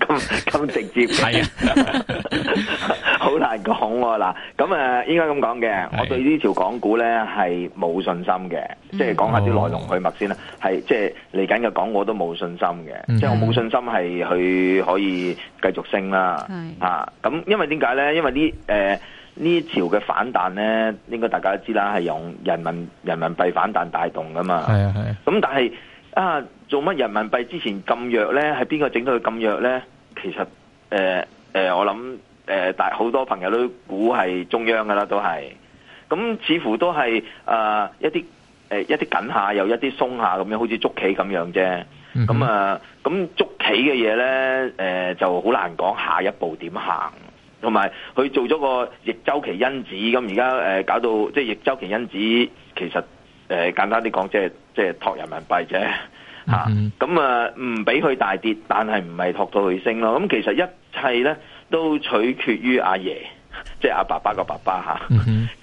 咁 咁直接係 是啊， 啊，好難講喎嗱。咁誒，應該咁講嘅，我對這呢條港股咧係冇信心嘅、嗯，即係講下啲來龍去脈先啦。係即係嚟緊嘅港股都冇信心嘅，即、嗯、係、就是、我冇信心係去可以繼續升啦、啊。啊，咁因為點解咧？因為，為呢誒、呃、呢條嘅反彈咧，應該大家都知啦，係用人民人民幣反彈帶動噶嘛。係啊係咁、啊嗯、但係。啊！做乜人民幣之前咁弱呢？係邊個整到佢咁弱呢？其實誒誒、呃呃，我諗誒、呃，大好多朋友都估係中央噶啦，都係咁，似乎都係啊、呃、一啲誒、呃、一啲緊下，又一啲鬆下咁樣，好似捉棋咁樣啫。咁啊，咁捉棋嘅嘢呢，誒、呃、就好難講下一步點行。同埋佢做咗個逆周期因子，咁而家誒搞到即係逆周期因子，其實誒簡單啲講即係。呃即係托人民幣啫，吓、mm -hmm. 啊，咁啊唔俾佢大跌，但係唔係托到佢升咯。咁其實一切咧都取決於阿爺，即係阿伯伯爸爸個爸爸吓。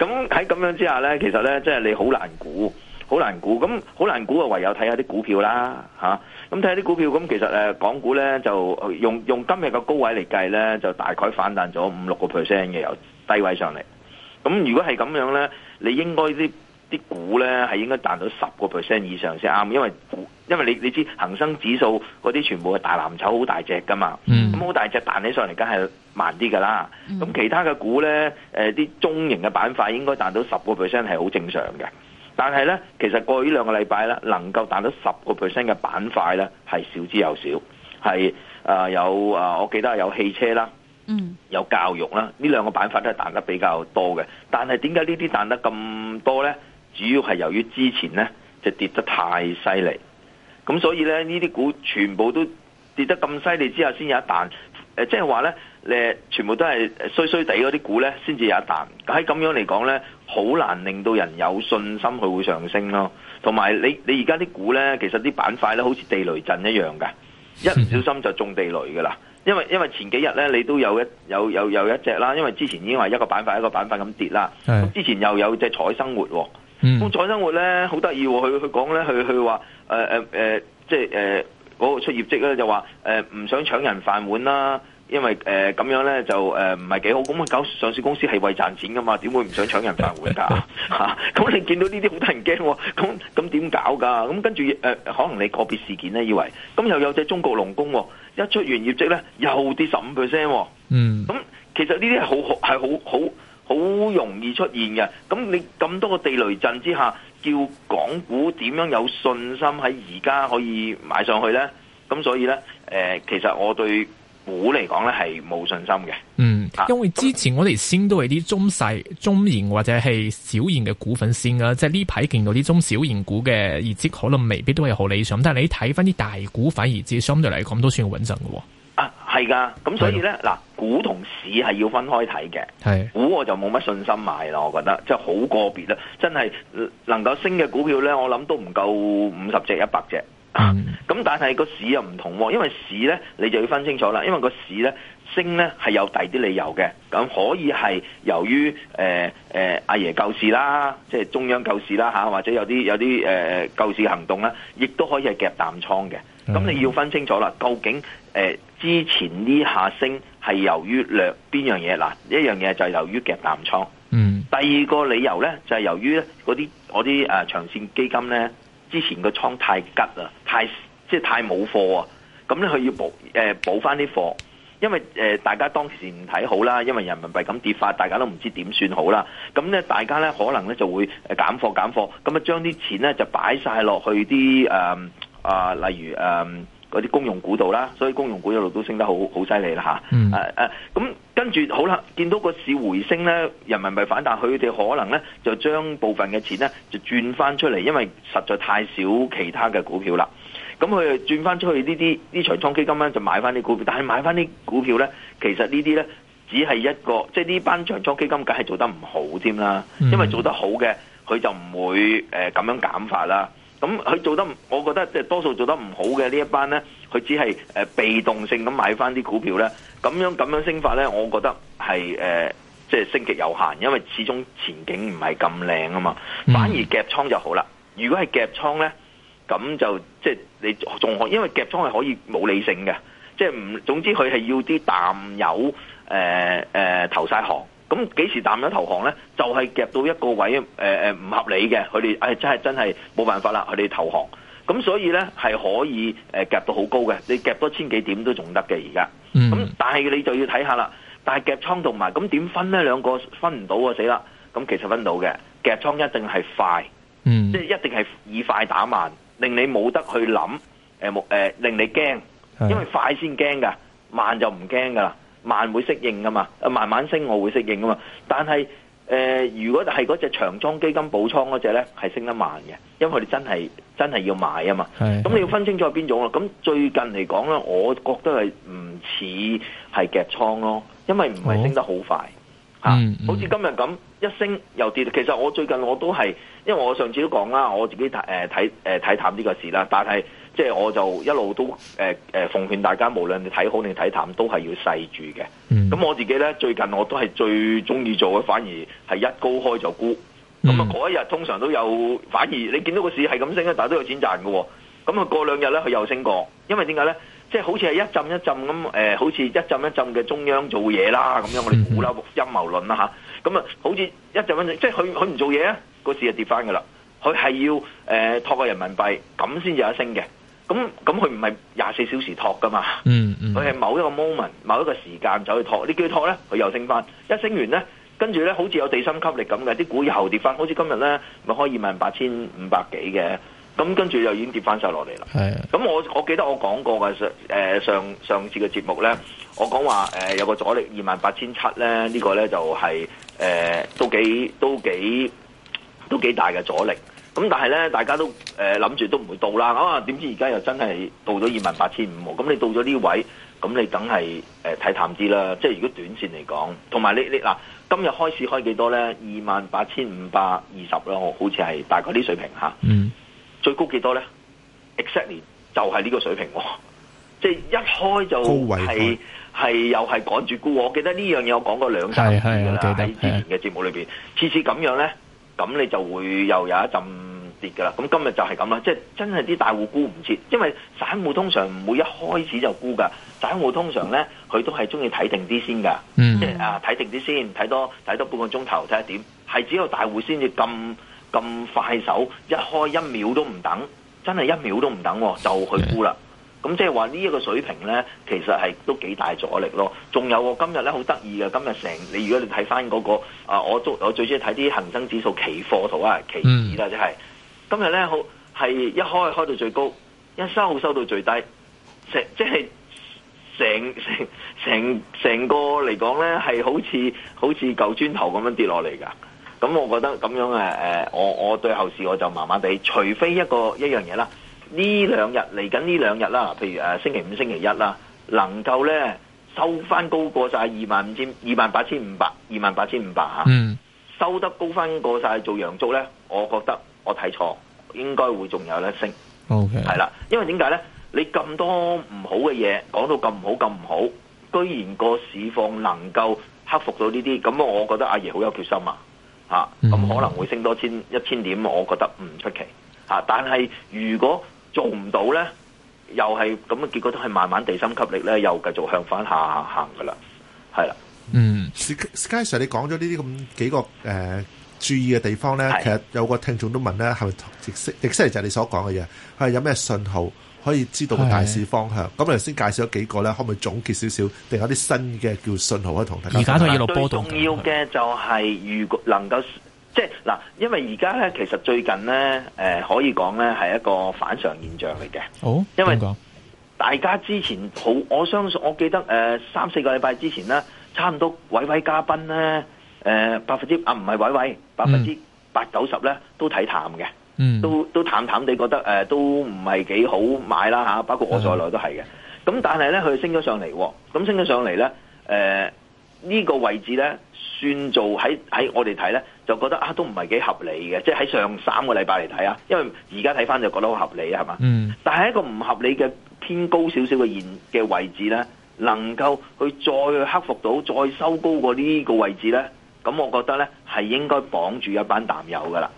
咁喺咁樣之下咧，其實咧即係你好難估，好難估，咁好難估就看看啊！唯有睇下啲股票啦吓。咁睇下啲股票，咁其實誒，港股咧就用用今日嘅高位嚟計咧，就大概反彈咗五六個 percent 嘅，由低位上嚟。咁如果係咁樣咧，你應該啲。啲股咧係應該彈到十個 percent 以上先啱，因為股，因為你你知恒生指數嗰啲全部係大藍籌，好大隻噶嘛，咁好大隻彈起上嚟，梗係慢啲噶啦。咁其他嘅股咧，啲、呃、中型嘅板塊應該彈到十個 percent 係好正常嘅。但係咧，其實過去呢兩個禮拜咧，能夠彈到十個 percent 嘅板塊咧，係少之又少。係、呃、有我記得係有汽車啦，有教育啦，呢兩個板塊都係彈得比較多嘅。但係點解呢啲彈得咁多咧？主要係由於之前呢，就跌得太犀利，咁所以呢，呢啲股全部都跌得咁犀利之後先有一彈，即係話呢，誒全部都係衰衰地嗰啲股呢，先至有一彈。喺咁樣嚟講呢，好難令到人有信心佢會上升咯。同埋你你而家啲股呢，其實啲板塊呢，好似地雷陣一樣㗎，一唔小心就中地雷㗎啦。因為因為前幾日呢，你都有一有有有一隻啦，因為之前已經話一個板塊一個板塊咁跌啦。之前又有隻彩生活喎。咁、嗯、彩、嗯、生活咧好得意，佢佢講咧，佢佢話誒誒誒，即係誒嗰個出業績咧，就話誒唔想搶人飯碗啦，因為誒咁、呃、樣咧就誒唔係幾好，咁搞上市公司係為賺錢噶嘛，點會唔想搶人飯碗噶吓？咁、嗯 啊、你見到呢啲好得人驚、哦，咁咁點搞噶？咁跟住誒，可能你個別事件咧，以為咁又有隻中國龍工、哦、一出完業績咧又跌十五 percent，嗯，咁、嗯、其實呢啲係好係好好。好容易出現嘅，咁你咁多個地雷陣之下，叫港股點樣有信心喺而家可以買上去呢？咁所以呢，誒、呃，其實我對股嚟講呢係冇信心嘅。嗯，因為之前我哋先都係啲中細、中型或者係小型嘅股份先㗎。即係呢排見到啲中小型股嘅業績，可能未必都係好理想。但係你睇翻啲大股份，反而至相對嚟講都算穩陣喎。咁所以呢，嗱，股同市係要分開睇嘅。係股我就冇乜信心買喇，我覺得即係好個別啦。真係能夠升嘅股票呢，我諗都唔夠五十隻、一百隻。咁、嗯啊、但係個市又唔同，因為市呢，你就要分清楚啦。因為個市呢，升呢係有第二啲理由嘅，咁可以係由於誒誒阿爺救市啦，即係中央救市啦吓，或者有啲有啲誒、呃、救市行動啦，亦都可以係夾淡倉嘅。咁、嗯、你要分清楚啦，究竟。呃、之前呢下升係由於兩邊樣嘢，嗱，一樣嘢就係由於夾淡倉，嗯，第二個理由呢，就係、是、由於嗰啲嗰啲誒長線基金呢，之前個倉太急啦，太即係太冇貨啊，咁呢，佢要補返翻啲貨，因為、呃、大家當時唔睇好啦，因為人民幣咁跌法，大家都唔知點算好啦，咁呢，大家呢，可能呢就會減貨減貨，咁啊將啲錢呢，就擺晒落去啲誒啊，例如誒，呃嗰啲公用股度啦，所以公用股一路都升得、嗯啊嗯、好好犀利啦吓，誒誒，咁跟住好啦，見到個市回升咧，人民幣反彈，佢哋可能咧就將部分嘅錢咧就轉翻出嚟，因為實在太少其他嘅股票啦，咁佢就轉翻出去呢啲呢長倉基金咧就買翻啲股票，但係買翻啲股票咧，其實呢啲咧只係一個，即係呢班長倉基金梗係做得唔好添啦、嗯，因為做得好嘅佢就唔會誒咁、呃、樣減法啦。咁佢做得，我覺得即係多數做得唔好嘅呢一班咧，佢只係誒、呃、被動性咁買翻啲股票咧，咁樣咁樣升法咧，我覺得係誒即係升極有限，因為始終前景唔係咁靚啊嘛。反而夾倉就好啦。如果係夾倉咧，咁就即係、就是、你仲可，因為夾倉係可以冇理性嘅，即係唔總之佢係要啲淡友誒誒投曬行。咁幾時淡咗投降呢？就係、是、夾到一個位誒唔、呃、合理嘅，佢哋誒真係真係冇辦法啦，佢哋投降。咁所以呢，係可以、呃、夾到好高嘅，你夾多千幾點都仲得嘅而家。咁、嗯嗯、但係你就要睇下啦。但係夾倉同埋，咁點分呢？兩個分唔到啊，死啦！咁其實分到嘅，夾倉一定係快，嗯、即係一定係以快打慢，令你冇得去諗、呃呃、令你驚，因為快先驚㗎，慢就唔驚㗎啦。慢會適應噶嘛，慢慢升我會適應噶嘛。但係誒、呃，如果係嗰隻長倉基金補倉嗰隻咧，係升得慢嘅，因為佢哋真係真係要買啊嘛。咁你要分清楚邊種咯。咁最近嚟講咧，我覺得係唔似係夾倉咯，因為唔係升得好快、哦啊嗯、好快好似今日咁一升又跌。其實我最近我都係，因為我上次都講啦，我自己睇誒睇誒睇淡呢個事啦，但係。即、就、係、是、我就一路都誒、呃呃、奉勸大家，無論你睇好定睇淡，都係要細住嘅。咁、嗯、我自己咧最近我都係最中意做嘅，反而係一高開就沽。咁啊嗰一日通常都有，反而你見到個市係咁升但係都有錢賺嘅、哦。咁啊過兩日咧佢又升過，因為點解咧？即、就、係、是、好似係一浸一浸咁、呃、好似一浸一浸嘅中央做嘢啦，咁樣我哋估啦陰謀論啦咁啊好似一浸一浸即係佢佢唔做嘢啊，個、嗯啊、市就跌翻㗎啦。佢係要誒、呃、託個人民幣咁先有一升嘅。咁咁佢唔係廿四小時托噶嘛，佢、嗯、係、嗯、某一個 moment、某一個時間走去托。呢幾托呢，咧，佢又升翻，一升完咧，跟住咧好似有地心吸力咁嘅，啲股又跌翻。好似今日咧咪開二萬八千五百幾嘅，咁、嗯、跟住又已經跌翻晒落嚟啦。係、嗯，咁我我記得我講過嘅、呃、上上上次嘅節目咧，我講話、呃、有個阻力二萬八千七咧，呢、呢個咧就係、是、誒、呃、都幾都幾都幾大嘅阻力。咁但係咧，大家都誒諗住都唔會到啦。啊，點知而家又真係到咗二萬八千五。咁你到咗呢位，咁你梗係誒睇淡啲啦。即係如果短線嚟講，同埋你你嗱、啊，今日開市開幾多咧？二萬八千五百二十。我好似係大概啲水平嚇、啊。嗯。最高幾多咧？exactly 就係呢個水平喎、啊。即係一開就係、高係又係趕住沽。我記得呢樣嘢，我講過兩三次㗎啦。喺之前嘅節目裏面，次次咁樣咧。咁你就會又有一陣跌噶啦，咁今日就係咁啦，即係真係啲大戶沽唔切，因為散戶通常唔會一開始就沽噶，散戶通常呢，佢都係中意睇定啲先噶，mm -hmm. 即係啊睇定啲先，睇多睇多半個鐘頭睇下點，係只有大戶先至咁咁快手，一開一秒都唔等，真係一秒都唔等、哦、就去沽啦。Mm -hmm. 咁即係話呢一個水平呢，其實係都幾大阻力咯。仲有我今日呢好得意嘅，今日成你如果你睇翻嗰個啊，我都我最中意睇啲恒生指數期貨圖啊，期指啦，即係今日呢，好係一開開到最高，一收好收到最低，即係成成成成個嚟講呢，係好似好似舊磚頭咁樣跌落嚟噶。咁我覺得咁樣誒誒、呃，我我對後市我就麻麻地，除非一個一樣嘢啦。呢兩日嚟緊呢兩日啦，譬如誒、呃、星期五、星期一啦，能夠咧收翻高過晒二萬五千、二萬八千五百、二萬八千五百吓、啊嗯，收得高翻過晒做陽燭咧，我覺得我睇錯，應該會仲有得升。O K，係啦，因為點解咧？你咁多唔好嘅嘢講到咁唔好、咁唔好，居然個市況能夠克服到呢啲，咁我覺得阿爺好有決心啊！吓、啊，咁可能會升多千一千點，我覺得唔出奇吓、啊。但係如果做唔到咧，又係咁嘅結果，都係慢慢地心吸力咧，又繼續向反下行噶啦，係啦。嗯，Sky Sir，你講咗呢啲咁幾個誒、呃、注意嘅地方咧，其實有個聽眾都問咧，係咪即係即係就係你所講嘅嘢？係有咩信號可以知道個大市方向？咁我哋頭先介紹咗幾個咧，可唔可以總結少少？定有啲新嘅叫信號可以同大家而家都係一路波動最重要嘅就係、是、如果能夠。即係嗱，因為而家咧，其實最近咧，誒、呃，可以講咧係一個反常現象嚟嘅。好、哦，因為大家之前好，我相信我記得誒，三四個禮拜之前咧，差唔多位位嘉賓咧，誒、呃，百分之啊唔係位位，位位嗯、百分之八九十咧都睇淡嘅，嗯都，都都淡淡地覺得誒、呃，都唔係幾好買啦吓，包括我在內都係嘅。咁、嗯、但係咧，佢升咗上嚟，咁升咗上嚟咧，誒、呃，呢、這個位置咧。算做喺喺我哋睇咧，就覺得啊都唔係幾合理嘅，即係喺上三個禮拜嚟睇啊，因為而家睇翻就覺得好合理啊，係嘛？嗯、mm。但係一個唔合理嘅偏高少少嘅現嘅位置咧，能夠去再克服到再收高過呢個位置咧，咁我覺得咧係應該綁住一班淡友㗎啦。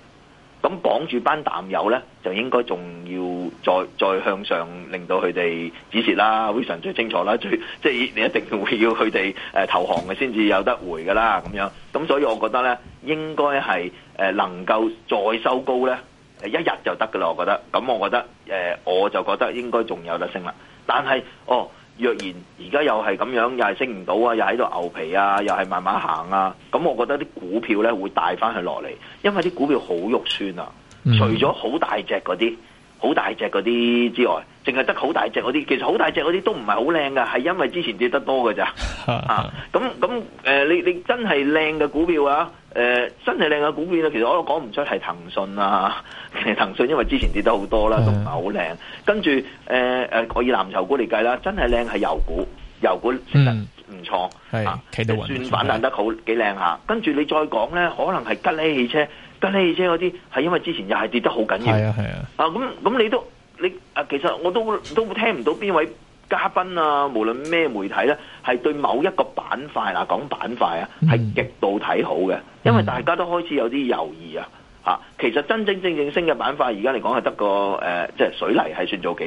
咁綁住班淡友呢，就應該仲要再再向上，令到佢哋止蝕啦，非常最清楚啦，最即係你一定要要佢哋誒投降嘅先至有得回噶啦咁樣。咁所以我覺得呢，應該係能夠再收高呢一日就得噶啦。我覺得，咁我覺得誒，我就覺得應該仲有得升啦。但係哦。若然而家又係咁樣，又係升唔到啊，又喺度牛皮啊，又係慢慢行啊，咁我覺得啲股票咧會帶翻佢落嚟，因為啲股票好肉酸啊，嗯、除咗好大隻嗰啲，好大隻嗰啲之外，淨係得好大隻嗰啲，其實好大隻嗰啲都唔係好靚噶，係因為之前跌得多㗎咋， 啊，咁咁誒，你你真係靚嘅股票啊！誒、呃，真係靚嘅股票，其實我都講唔出係騰訊啊，其實騰訊因為之前跌得好多啦，啊、都唔係好靚。跟住誒誒，我、呃、以藍籌股嚟計啦，真係靚係油股，油股升、嗯、得唔錯，係、啊、算反彈得好幾靚下。跟住你再講咧，可能係吉利汽車、吉利汽車嗰啲，係因為之前又係跌得好緊要。係啊係啊，啊。啊咁咁，你都你啊，其實我都都聽唔到邊位。嘉賓啊，無論咩媒體咧、啊，係對某一個板塊嗱，講板塊啊，係、啊、極度睇好嘅，因為大家都開始有啲猶豫啊，嗯、其實真真正正升嘅板塊，而家嚟講係得個誒，即係水泥係算做幾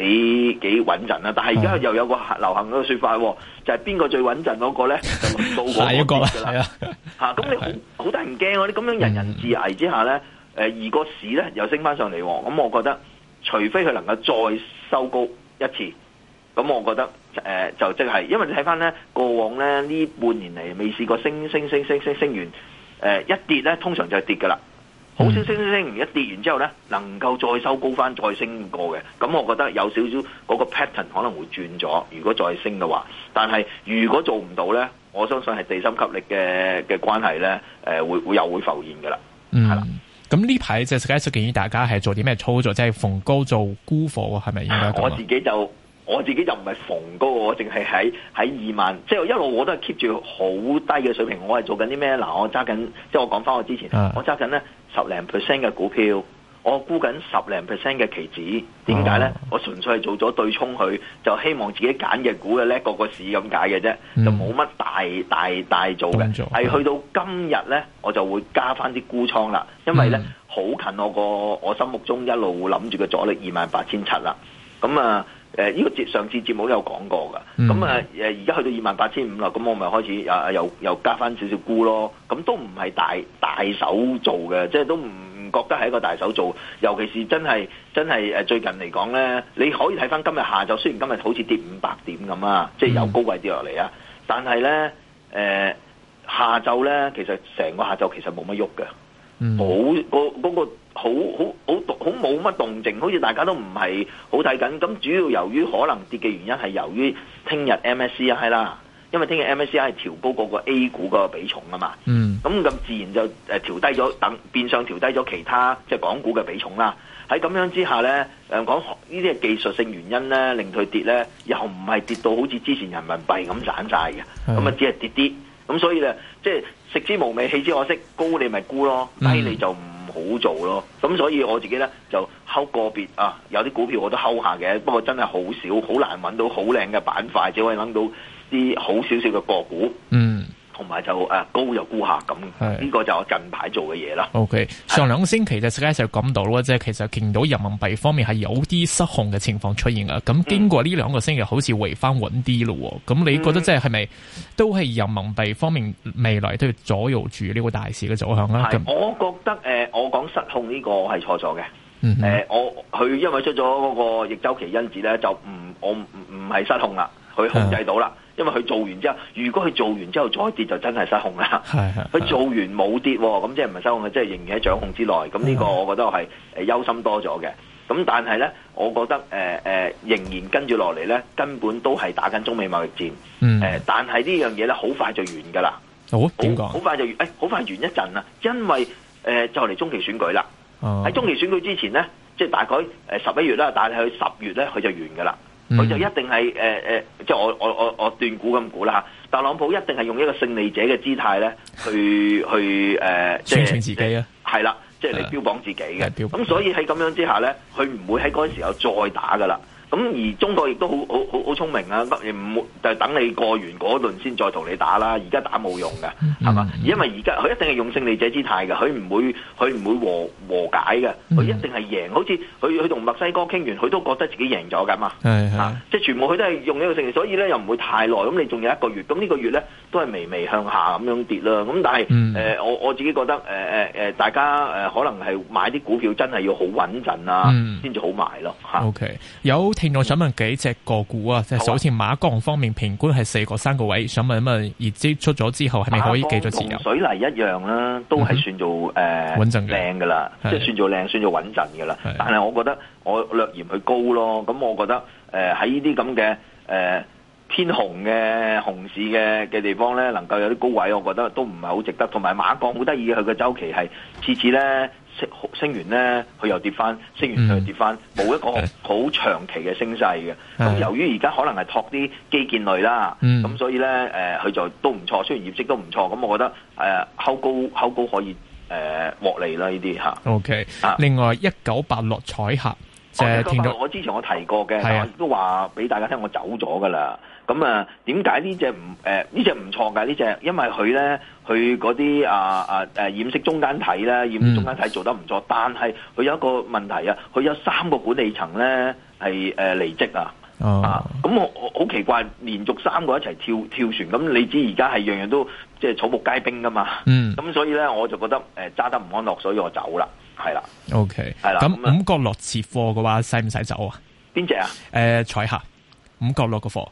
幾幾穩陣啦、啊。但係而家又有個流行嗰個說法、啊，就係邊個最穩陣嗰個咧，就到嗰邊。咁你好好得人驚啊，你咁樣人人自危之下咧、嗯，而個市咧又升翻上嚟、啊，咁我覺得，除非佢能夠再收高一次。咁我覺得誒、呃、就即、就、係、是，因為你睇翻咧，過往咧呢半年嚟未試過升升升升升升完，誒、呃、一跌咧通常就係跌㗎啦。好、嗯、少升升升，升，升完一跌完之後咧，能夠再收高翻再升過嘅，咁、嗯、我覺得有少少嗰個 pattern 可能會轉咗。如果再升嘅話，但係如果做唔到咧、嗯，我相信係地心吸力嘅嘅關係咧，誒、呃、會會又會浮現㗎啦。嗯，係啦。咁呢排即係實質建議大家係做啲咩操作，即係逢高做沽貨係咪應該講、啊、我自己就～我自己就唔係逢高，我淨係喺喺二萬，即係一路我都係 keep 住好低嘅水平。我係做緊啲咩？嗱，我揸緊，即係我講翻我之前，uh, 我揸緊咧十零 percent 嘅股票，我沽緊十零 percent 嘅期指。點解咧？Uh, 我純粹係做咗對沖去，佢就希望自己揀嘅股嘅咧各個市咁解嘅啫，um, 就冇乜大大大做嘅。係去到今日咧，uh, 我就會加翻啲沽倉啦，因為咧好、um, 近我個我心目中一路諗住嘅阻力二萬八千七啦。咁、嗯、啊～、uh, 誒，呢個節上次節目都有講過噶，咁、嗯、啊，誒，而家去到二萬八千五啦，咁我咪開始啊，又又加翻少少沽咯，咁都唔係大大手做嘅，即係都唔覺得係一個大手做，尤其是真係真係誒最近嚟講咧，你可以睇翻今日下晝，雖然今日好似跌五百點咁啊，即係由高位跌落嚟啊，但係咧誒下晝咧，其實成個下晝其實冇乜喐嘅。Mm. 好、那個嗰好好好好冇乜動靜，好似大家都唔係好睇緊。咁主要由於可能跌嘅原因係由於聽日 MSCI 係啦，因為聽日 MSCI 係調高嗰個 A 股個比重啊嘛。嗯，咁咁自然就誒調低咗，等變相調低咗其他即係、就是、港股嘅比重啦。喺咁樣之下呢，誒講呢啲係技術性原因呢，令佢跌呢又唔係跌到好似之前人民幣咁散晒嘅，咁、mm. 啊只係跌啲。咁所以咧，即係食之無味，棄之可惜，高你咪沽咯，低你就唔好做咯。咁、mm. 所以我自己咧就睺個別啊，有啲股票我都睺下嘅，不過真係好少，好難揾到好靚嘅板塊，只可以諗到啲好少少嘅個股。嗯、mm.。同埋就誒高又就沽客咁，呢個就近排做嘅嘢啦。OK，上兩個星期就石生就講到囉，即係其實見到人民幣方面係有啲失控嘅情況出現啊。咁經過呢兩個星期好，好似回翻穩啲咯。咁你覺得即係係咪都係人民幣方面未來都要左右住呢個大市嘅走向啦？我覺得誒、呃，我講失控呢個係錯咗嘅。誒、嗯呃，我佢因為出咗嗰個逆周期因子咧，就唔我唔唔係失控啦，佢控制到啦。因為佢做完之後，如果佢做完之後再跌就真係失控啦。係 佢做完冇跌，咁即係唔係失控，即係仍然喺掌控之內。咁呢個我覺得係誒憂心多咗嘅。咁但係咧，我覺得誒誒、呃，仍然跟住落嚟咧，根本都係打緊中美貿易戰。誒、嗯呃，但係呢樣嘢咧，好快就完噶啦。好、哦、點講？好快就完？誒、哎，好快完一陣啊！因為誒、呃，就嚟中期選舉啦。喺、嗯、中期選舉之前咧，即、就、係、是、大概誒十一月啦，但係去十月咧，佢就完噶啦。佢、嗯、就一定係誒誒即係我我我我斷估咁估啦吓，特朗普一定係用一個勝利者嘅姿態咧，去去誒展示自己啊，係、就、啦、是，即係嚟標榜自己嘅標榜。咁所以喺咁樣之下咧，佢唔會喺嗰陣時候再打噶啦。咁而中國亦都好好好聰聰明啊！唔就等你過完嗰輪先再同你打啦，而家打冇用嘅，係、嗯、嘛？因為而家佢一定係用勝利者之態嘅，佢唔會佢唔會和和解嘅，佢、嗯、一定係贏。好似佢佢同墨西哥傾完，佢都覺得自己贏咗㗎嘛，是是啊、是是即係全部佢都係用呢個勝利，所以咧又唔會太耐。咁你仲有一個月，咁呢個月咧都係微微向下咁樣跌啦。咁但係、嗯呃、我我自己覺得、呃呃、大家可能係買啲股票真係要好穩陣啊，先、嗯、至好買咯、啊、OK 有。聽想問幾隻個股啊？即、嗯、係、就是、首先馬鋼方面平均係四個三個位，啊、想問一問，業績出咗之後係咪可以記咗字啊？水泥一樣啦、啊，都係算做誒穩陣靚噶啦，即係算做靚，算做穩陣噶啦。但係我覺得我略嫌佢高咯，咁我覺得誒喺呢啲咁嘅誒。呃偏紅嘅紅市嘅嘅地方咧，能夠有啲高位，我覺得都唔係好值得。同埋馬鋼好得意，佢個周期係次次咧升升完咧，佢又跌翻，升完佢又跌翻，冇一個好長期嘅升勢嘅。咁、嗯、由於而家可能係托啲基建類啦，咁、嗯、所以咧佢、呃、就都唔錯，雖然業績都唔錯，咁我覺得誒，收、呃、高收高可以誒、呃、獲利啦呢啲 OK 啊，另外一九八六彩客。哦、我之前我提過嘅，我都話俾大家聽，啊、我走咗噶啦。咁啊，點解呢隻唔誒？呢隻唔錯嘅呢隻，因為佢咧，佢嗰啲啊啊誒染色中間體咧，染色中間體做得唔錯。嗯、但係佢有一個問題啊，佢有三個管理層咧係誒離職啊。哦、啊，咁我我好奇怪，連續三個一齊跳跳船。咁你知而家係樣樣都即係、就是、草木皆兵噶嘛？咁、嗯、所以咧，我就覺得誒揸、呃、得唔安樂，所以我走啦。係啦，OK，係啦。咁、okay，五角落切貨嘅話，使唔使走啊？邊隻啊？誒、呃，彩霞，五角落個貨，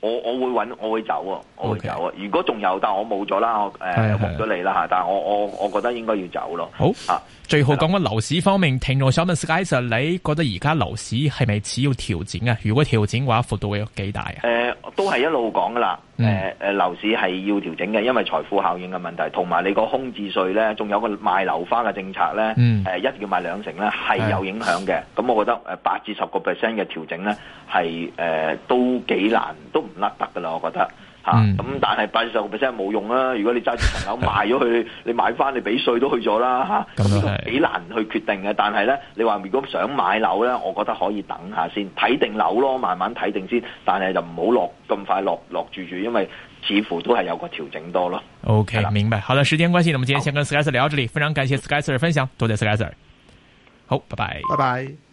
我我會搵我會走啊，okay。我會走啊。如果仲有，但係我冇咗啦，我誒忘咗你啦吓。但係我我我覺得應該要走咯、啊。好啊，最後講翻樓市方面，聽落想問 Sky Sir，你覺得而家樓市係咪似要調整啊？如果調整嘅話，幅度會有幾大啊？誒、呃，都係一路講噶啦。誒、嗯、誒、呃、樓市係要調整嘅，因為財富效應嘅問題，同埋你個空置稅咧，仲有個賣樓花嘅政策咧，誒、嗯呃、一定要賣兩成咧，係有影響嘅。咁我覺得誒八至十個 percent 嘅調整咧，係誒、呃、都幾難，都唔甩得噶啦，我覺得。咁、嗯嗯、但係八十個 percent 冇用啦，如果你揸住層樓賣咗佢，你買翻你俾稅都去咗啦吓。咁呢個幾難去決定嘅，但係咧，你話如果想買樓咧，我覺得可以等下先睇定樓咯，慢慢睇定先。但係就唔好落咁快落落住住，因為似乎都係有個調整多咯。OK，、yeah. 明白。好的，時間關係，咁我哋今日先跟 Sky Sir 聊到這裏，非常感謝 Sky Sir 分享，多謝 Sky Sir。好，拜拜，拜拜。拜拜